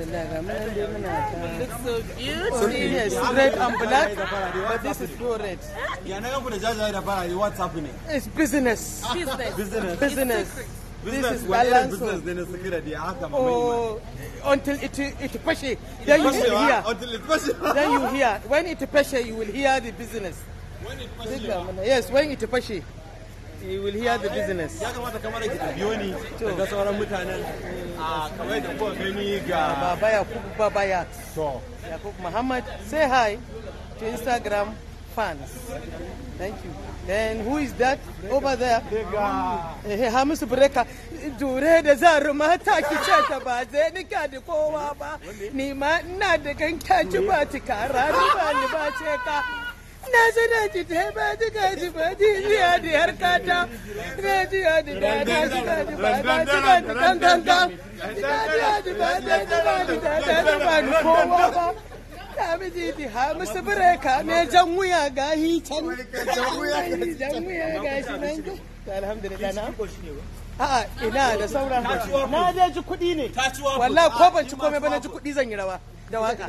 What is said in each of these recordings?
It looks so beautiful. Yes, red and black, but this is pure red. What's happening? It's business. Business. business. business. Business, this is balance. Business, Oh, until it it pressure, then you hear. Until it pressure, then you hear. When it pressure, you will hear the business. When it pressure. Yes, when it pressure you will hear the business. Muhammad say hi to Instagram fans. Thank you. Then who is that over there? Breka. Eh, eh, ba kowa ba. ba ba ni ba na sana ji ta ba ji ka ji ba ji di har kata na ji di da na ji ka ji ba na ji ka ji kan kan kan na ji di ba na ji ba ji ba ni kowa ba ta mi ji di ha bire ka me jan wuya ga hi can jan wuya ga shi nan alhamdulillah na A'a ina da sauran. Na je ji kuɗi ne. Wallahi ko ban ci komai ba na ji kuɗi zan yi rawa. da waka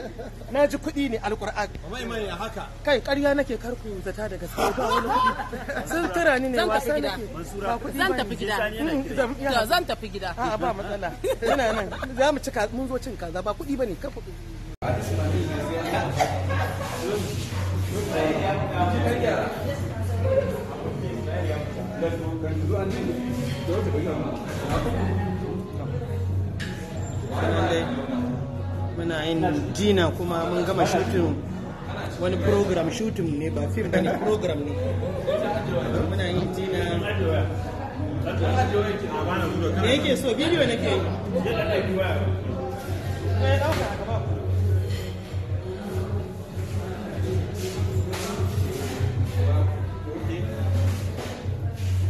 na ji kuɗi ne alkur'an mai mai haka kai ƙarya nake karku zata da gaske sun tura ni ne wasa nake ba kuɗi zan tafi gida zan tafi gida A'a, ba matsala ina nan za mu ci mun zo cin kaza ba kuɗi bane kafa kuɗi Thank you. muna yin dina kuma mun gama shooting wani program shooting ne ba fim ne program ne muna yin dina ne yake so bidiyo nake yi eh,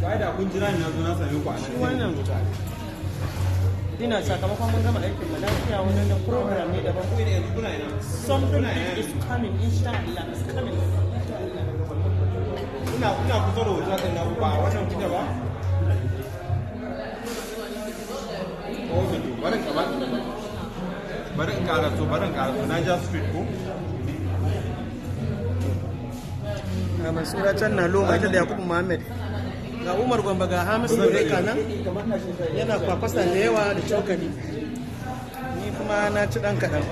ai da kun jira ni na na same ku a shi wannan mutane sakamakon mun gama aikin mu wannan da program ne daban ko ina yanzu kuna ina something big is coming insha Allah is coming kuna kuna kusa da hoto kan naku ba wannan kuka ba Oke, ka kabar, barang karat tu, barang karat tu, naja street ku. Nama surat Chan Nalu, macam dia Muhammad. ga umar gwamba ga hamisu bureka nan yana kwakwasa da yawa da cokali ni kuma na ci dan kaɗan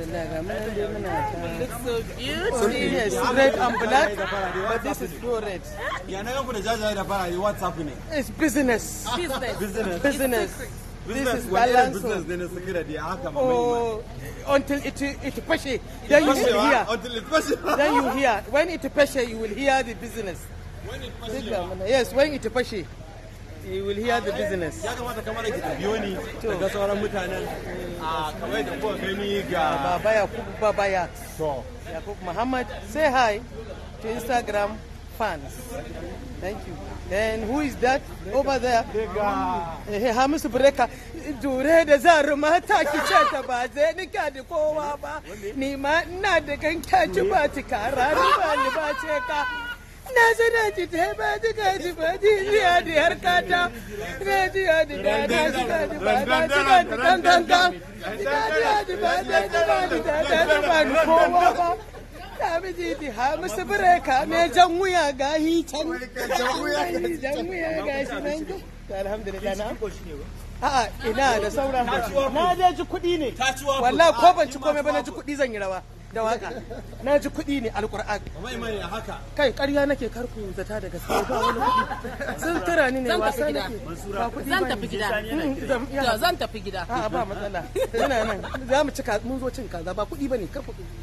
It's so beautiful. Yes, red and black, but this is red. It's business. Business. business. business. Business, this is balance. Business, oh, until it it then you will hear. Until it then you hear. When it peshe, you will hear the business. yes when it fashe you will hear the business ah, muhammad say hi to instagram fans thank you then who is that over there eh breka na sana ji ta ba ji ga ji ba ji ji a di har kata na ji a di ba na ji ga ji ba na ji ga ji dan dan dan na ji a di ba na ji ga ji da da da ba ni kowa ba ta bi ji di ha musu bire ka me jan wuya ga hi can jan wuya ga shi nan alhamdulillah na A'a ina da sauran na je ji kuɗi ne wallahi ko ban ci komai ba na ji kuɗi zan yi rawa da waka na ji kuɗi ne alƙur'an mai mai haka kai ƙarya nake karku zata da gaske ba wani kuɗi sun tura ni ne wasa nake ba kuɗi zan tafi gida hmm, zan tafi gida a ba matsala yana nan za mu ci mun zo cin kaza ba kuɗi bane karku kuɗi